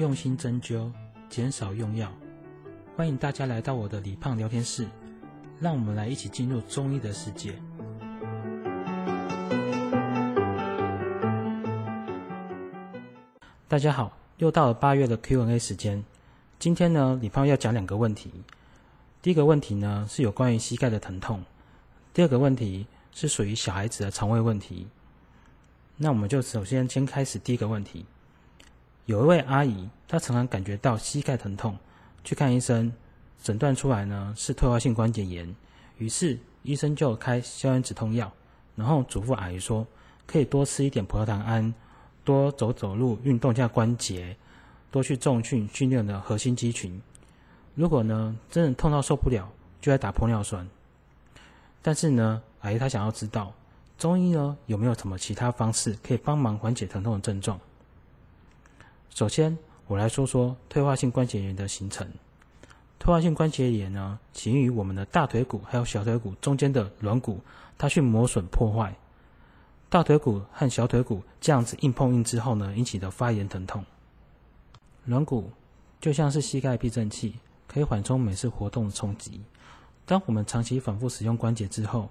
用心針灸，減少用藥。歡迎大家來到我的李胖聊天室，讓我們來一起進入中醫的世界。大家好，又到了八月的 Q&A 時間。今天呢，李胖要講兩個問題。第一個問題呢，是有關於膝蓋的疼痛。第二個問題是屬於小孩子的腸胃問題。那我們就首先先開始第一個問題。有一位阿姨，她常常感覺到膝蓋疼痛，去看醫生，診斷出來呢是退化性關節炎。於是醫生就開消炎止痛藥，然後囑咐阿姨說，可以多吃一點葡萄糖胺，多走走路運動一下關節，多去重訓訓練的核心肌群。如果呢真的痛到受不了，就要打玻尿酸。但是呢，阿姨她想要知道，中醫呢有沒有什麼其他方式可以幫忙緩解疼痛的症狀？首先，我來說說退化性關節炎的形成。退化性關節炎呢，起因於我們的大腿骨還有小腿骨中間的軟骨，它去磨損破壞，大腿骨和小腿骨這樣子硬碰硬之後呢，引起的發炎疼痛。軟骨就像是膝蓋避震器，可以緩衝每次活動的衝擊。當我們長期反覆使用關節之後，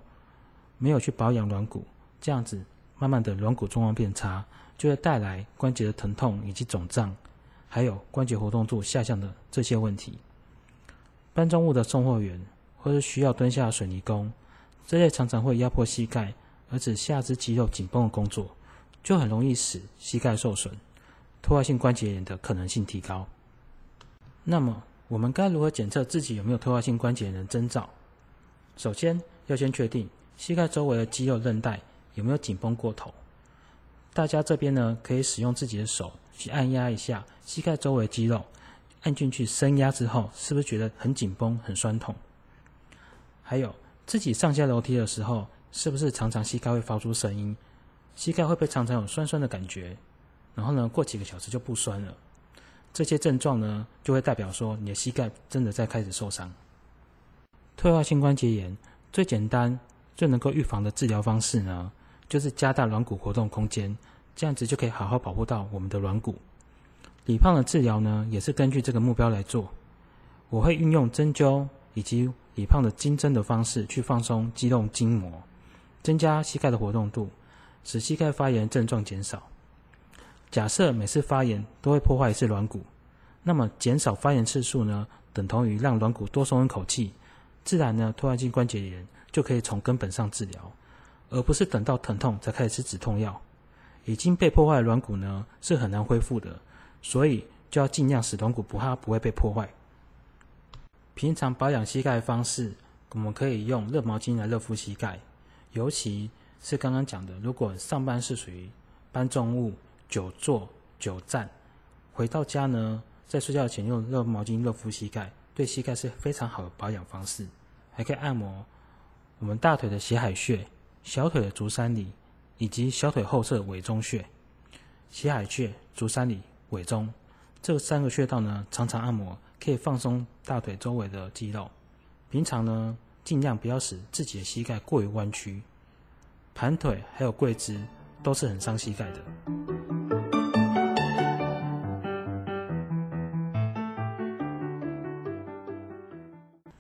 沒有去保養軟骨，這樣子。慢慢的，軟骨狀況變差，就會帶來關節的疼痛以及腫脹，還有關節活動度下降的這些問題。搬重物的送貨員，或是需要蹲下的水泥工，這類常常會壓迫膝蓋，而且下肢肌肉緊繃的工作，就很容易使膝蓋受損，退化性關節炎的可能性提高。那麼，我們該如何檢測自己有沒有退化性關節炎的徵兆？首先要先確定膝蓋周圍的肌肉、韌帶。有沒有緊繃過頭？大家這邊呢，可以使用自己的手去按壓一下膝蓋周圍肌肉，按進去深壓之後，是不是覺得很緊繃、很酸痛？還有，自己上下樓梯的時候，是不是常常膝蓋會發出聲音？膝蓋會不會常常有酸酸的感覺？然後呢，過幾個小時就不酸了。這些症狀呢，就會代表說你的膝蓋真的在開始受傷。退化性關節炎最簡單、最能夠預防的治療方式呢，就是加大軟骨活動空間，這樣子就可以好好保護到我們的軟骨。李胖的治療呢，也是根據這個目標來做。我會運用針灸以及李胖的經針的方式，去放鬆、肌肉筋膜，增加膝蓋的活動度，使膝蓋發炎症狀減少。假設每次發炎都會破壞一次軟骨，那麼減少發炎次數呢，等同於讓軟骨多鬆一口氣，自然呢，退化性關節炎就可以從根本上治療。而不是等到疼痛才開始吃止痛藥。已經被破壞的軟骨呢，是很難恢復的，所以就要盡量使軟骨不它不會被破壞。平常保養膝蓋的方式，我們可以用熱毛巾來熱敷膝蓋，尤其是剛剛講的，如果上班是屬於搬重物、久坐、久站，回到家呢，在睡覺前用熱毛巾熱敷膝蓋，對膝蓋是非常好的保養方式，還可以按摩我們大腿的血海穴，小腿的足三里，以及小腿後側委中穴。血海穴、足三里、委中這三個穴道呢，常常按摩可以放鬆大腿周圍的肌肉。平常呢，盡量不要使自己的膝蓋過於彎曲，盤腿還有跪姿都是很傷膝蓋的。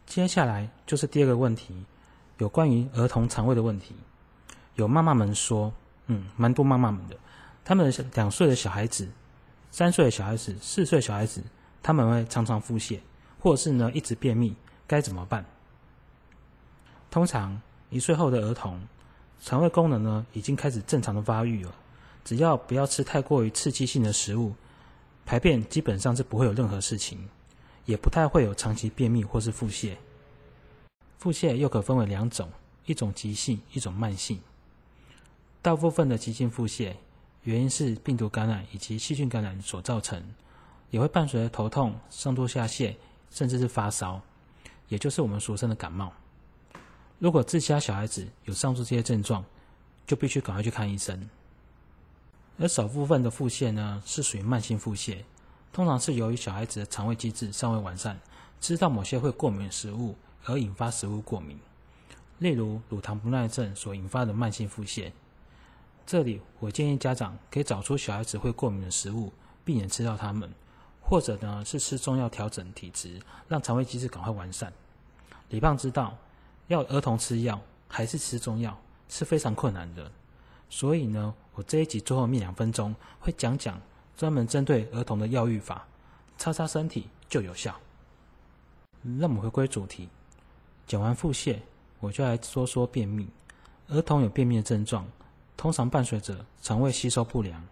接下來就是第二個問題。有關於兒童腸胃的問題，有媽媽們說，嗯，蠻多媽媽們的，他們兩歲的小孩子、三歲的小孩子、四歲的小孩子，他們會常常腹瀉，或者是呢一直便秘，該怎麼辦？通常一歲後的兒童，腸胃功能呢已經開始正常的發育了，只要不要吃太過於刺激性的食物，排便基本上是不會有任何事情，也不太會有長期便秘或是腹瀉。腹瀉又可分為兩種，一種急性，一種慢性。大部分的急性腹瀉原因是病毒感染以及細菌感染所造成，也會伴隨着頭痛、上吐下瀉，甚至是發燒，也就是我們俗稱的感冒。如果自家小孩子有上述這些症狀，就必須趕快去看醫生。而少部分的腹瀉呢，是屬於慢性腹瀉，通常是由於小孩子的腸胃機制尚未完善，吃到某些會過敏的食物。而引發食物過敏，例如乳糖不耐症所引發的慢性腹瀉。這裡我建議家長可以找出小孩子會過敏的食物，避免吃到它們，或者呢是吃中藥調整體質，讓腸胃機制趕快完善。李胖知道，要兒童吃藥還是吃中藥是非常困難的，所以呢，我這一集最後面兩分鐘會講講專門針對兒童的藥浴法，擦擦身體就有效。讓我們回歸主題。講完腹瀉，我就來說說便秘。兒童有便秘的症狀，通常伴隨着腸胃吸收不良，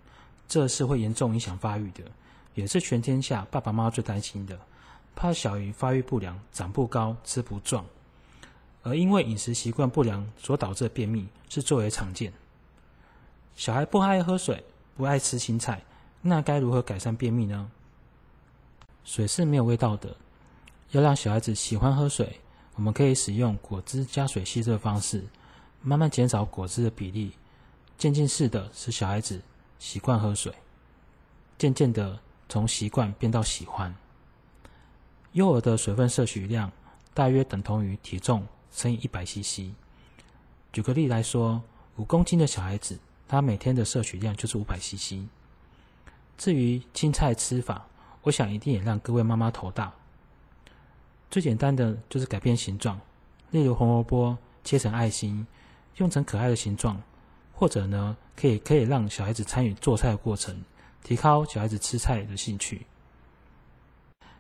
這是會嚴重影響發育的，也是全天下爸爸媽媽最擔心的，怕小魚發育不良、長不高、吃不壯。而因為飲食習慣不良所導致的便秘是最為常見。小孩不愛喝水，不愛吃青菜，那該如何改善便秘呢？水是沒有味道的，要讓小孩子喜歡喝水。我們可以使用果汁加水稀釋的方式，慢慢減少果汁的比例，漸進式的使小孩子習慣喝水，漸漸的從習慣變到喜歡。幼兒的水分攝取量大約等同於體重乘以一百 CC。舉個例來說，五公斤的小孩子，他每天的攝取量就是五百 CC。至於青菜吃法，我想一定也讓各位媽媽頭大。最簡單的就是改變形狀，例如紅蘿蔔切成愛心，用成可愛的形狀，或者呢，可以可以讓小孩子參與做菜的過程，提高小孩子吃菜的興趣。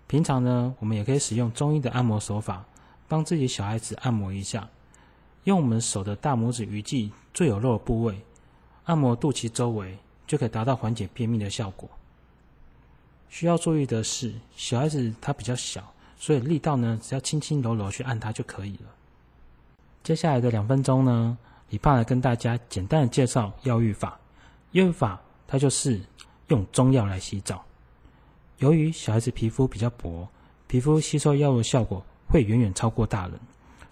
平常呢，我們也可以使用中醫的按摩手法，幫自己小孩子按摩一下，用我們手的大拇指魚際最有肉的部位，按摩肚臍周圍，就可以達到緩解便秘的效果。需要注意的是，小孩子他比較小。所以力道呢，只要輕輕柔柔去按它就可以了。接下來的兩分鐘呢，李胖來跟大家簡單的介紹藥浴法。藥浴法它就是用中藥來洗澡。由於小孩子皮膚比較薄，皮膚吸收藥物的效果會遠遠超過大人，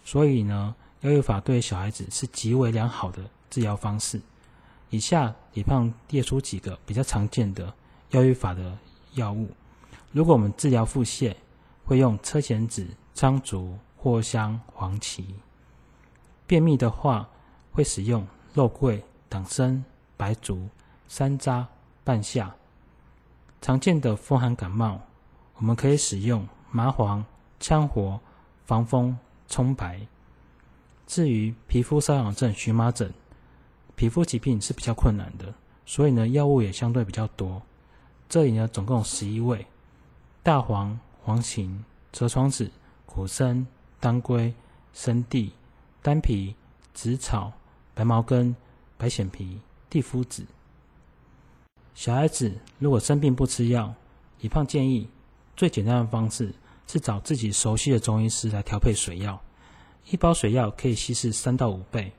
所以呢，藥浴法對於小孩子是極為良好的治療方式。以下李胖列出幾個比較常見的藥浴法的藥物。如果我們治療腹瀉，會用車前子、蒼朮、藿香、黃芪；便秘的話，會使用肉桂、黨參、白朮、山楂、半夏。常見的風寒感冒，我們可以使用麻黃、羌活、防風、蔥白。至於皮膚瘙癢症、蕁麻疹、皮膚疾病是比較困難的，所以呢，藥物也相對比較多。這裡呢，總共十一味：大黃。黃芩、蛇床子、苦參、當歸、生地、丹皮、紫草、白茅根、白蘚皮、地膚子。小孩子如果生病不吃藥，李胖建議最簡單的方式是找自己熟悉的中醫師來調配水藥，一包水藥可以稀釋三到五倍，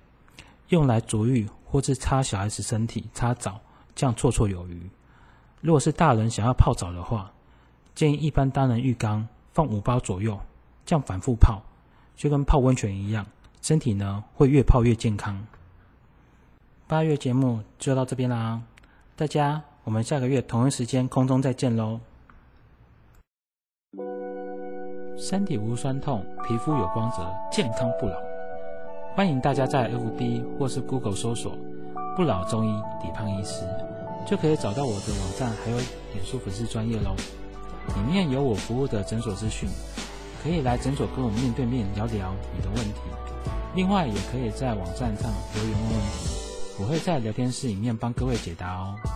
用來足浴或是擦小孩子身體、擦澡，這樣綽綽有餘。如果是大人想要泡澡的話，建議一般單人浴缸放五包左右，這樣反覆泡，就跟泡溫泉一樣，身體呢會越泡越健康。八月節目就到這邊啦，大家我們下個月同一時間空中再見嘍。身體無酸痛，皮膚有光澤，健康不老。歡迎大家在 FB 或是 Google 搜索“不老中醫李胖醫師”，就可以找到我的網站，還有臉書粉絲專頁嘍。裡面有我服務的診所資訊，可以來診所跟我們面對面聊聊你的問題。另外，也可以在網站上留言問問題，我會在聊天室裡面幫各位解答哦。